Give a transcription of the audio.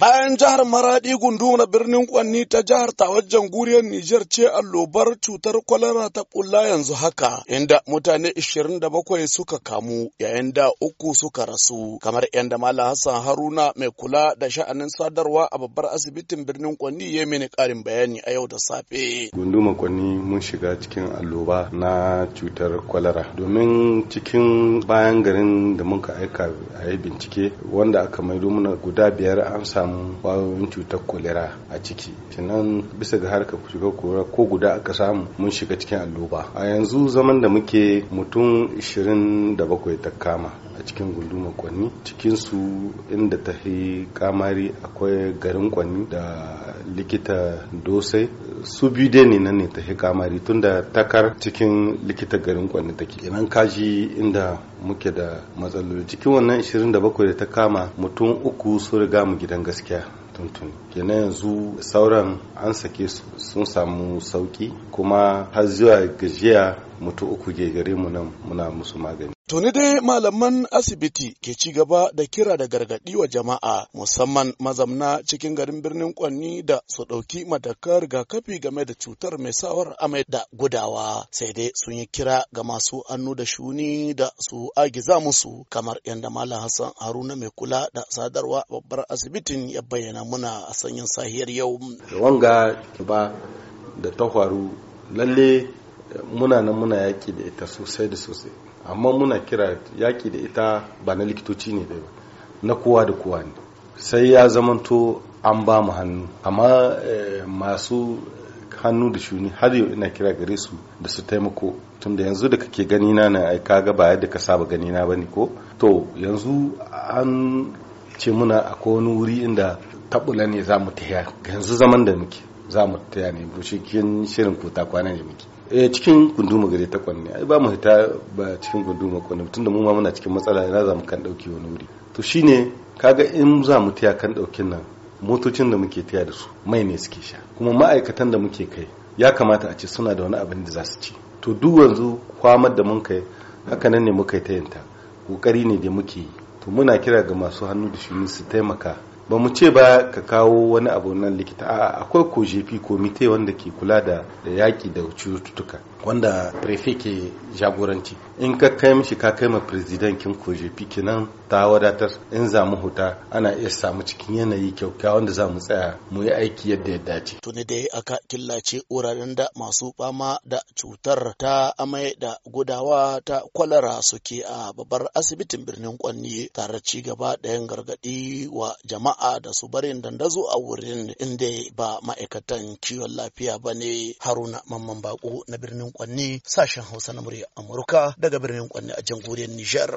Bayan jihar Maradi gunduma birnin Kwanni ta jihar ta wajen guriyar Nijar ce allobar cutar kwalara ta kula yanzu haka, inda mutane 27 suka kamu yayin da uku suka rasu, kamar yadda mala Hassan Haruna mai kula da sha'anin sadarwa a babbar asibitin birnin Kwanni ya mini karin bayani a yau da safe. Gunduma Kwanni mun shiga cikin alloba na cutar kwalara, domin cikin bayan garin da muka aika a yi bincike wanda aka maido mana guda biyar an samu samu kwayoyin cutar kolera a ciki sannan bisa ga harka shiga kolera ko guda aka samu mun shiga cikin alloba a yanzu zaman da muke mutum 27 ta kama cikin gunduma kwanni cikinsu inda ta fi kamari akwai garin kwanni da likita dosai su biyu dai ne nan ne ta fi kamari tunda takar cikin likita garin kwanni take kenan kaji inda muke da matsaloli cikin wannan 27 da ta kama mutum uku su riga mu gidan gaskiya tuntun kenan yanzu sauran an sake su sun samu sauki kuma har zuwa gajiya mutu uku ke gare mu nan muna musu magani Tuni dai malaman asibiti ke ci gaba da kira da gargaɗi wa jama'a musamman mazamna cikin garin birnin Kwanni da su ɗauki matakar rigakafi game da cutar mai sawar amai da gudawa sai dai sun yi kira ga masu hannu da shuni da su agiza musu kamar yadda Malam Hassan Haruna mai kula da sadarwa babbar asibitin ya bayyana muna a sanyin sahiyar yau. Wanga ba da ta lalle muna nan muna yaƙi da ita sosai da sosai. amma muna kira yaƙi da ita ba na likitoci ne ba na kowa da kowa ne sai ya zamanto an ba mu hannu amma eh, masu hannu da shuni har yau ina kira gare su da su taimako tun da yanzu da kake gani na na ai ga ba yadda ka saba gani na bane ko to yanzu an ce muna akwai wani wuri inda tabula ne za mu tafiya yanzu zaman da muke za mu taya ne cikin shirin ta kwana ne muke eh cikin gunduma gare ta kwanne ai ba mu ba cikin gunduma kwanne tunda mu ma muna cikin matsala na za mu kan dauke wani wuri to shine kaga in za mu taya kan daukin nan motocin da muke taya da su mai ne suke sha kuma ma'aikatan da muke kai ya kamata a ce suna da wani abin da za su ci to duk wanzu kwamar da mun kai haka nan ne muka yi ta kokari ne da muke yi to muna kira ga masu hannu da shi su taimaka ba mu ce ba ka kawo wani abu nan likita a akwai kojefi komite wanda ke kula da yaƙi da cututtuka wanda prefe ke jagoranci in ka kai mishi ka kai ma firizidankin kojefi kenan ta wadatar in za mu huta ana iya samu cikin yanayi kyauka wanda za mu tsaya mu yi aiki yadda ya dace. tuni dai aka killace wuraren da masu bama da cutar ta amai da gudawa ta kwalara suke a babbar asibitin birnin kwanni tare ci gaba da yin gargaɗi wa jama'a jama'a da su barin dandazo a wurin inda ba ma'aikatan kiwon lafiya ba ne haruna mamman bako na birnin kwanni sashen hausa na murya amurka daga birnin kwanni a jamhuriyar nijar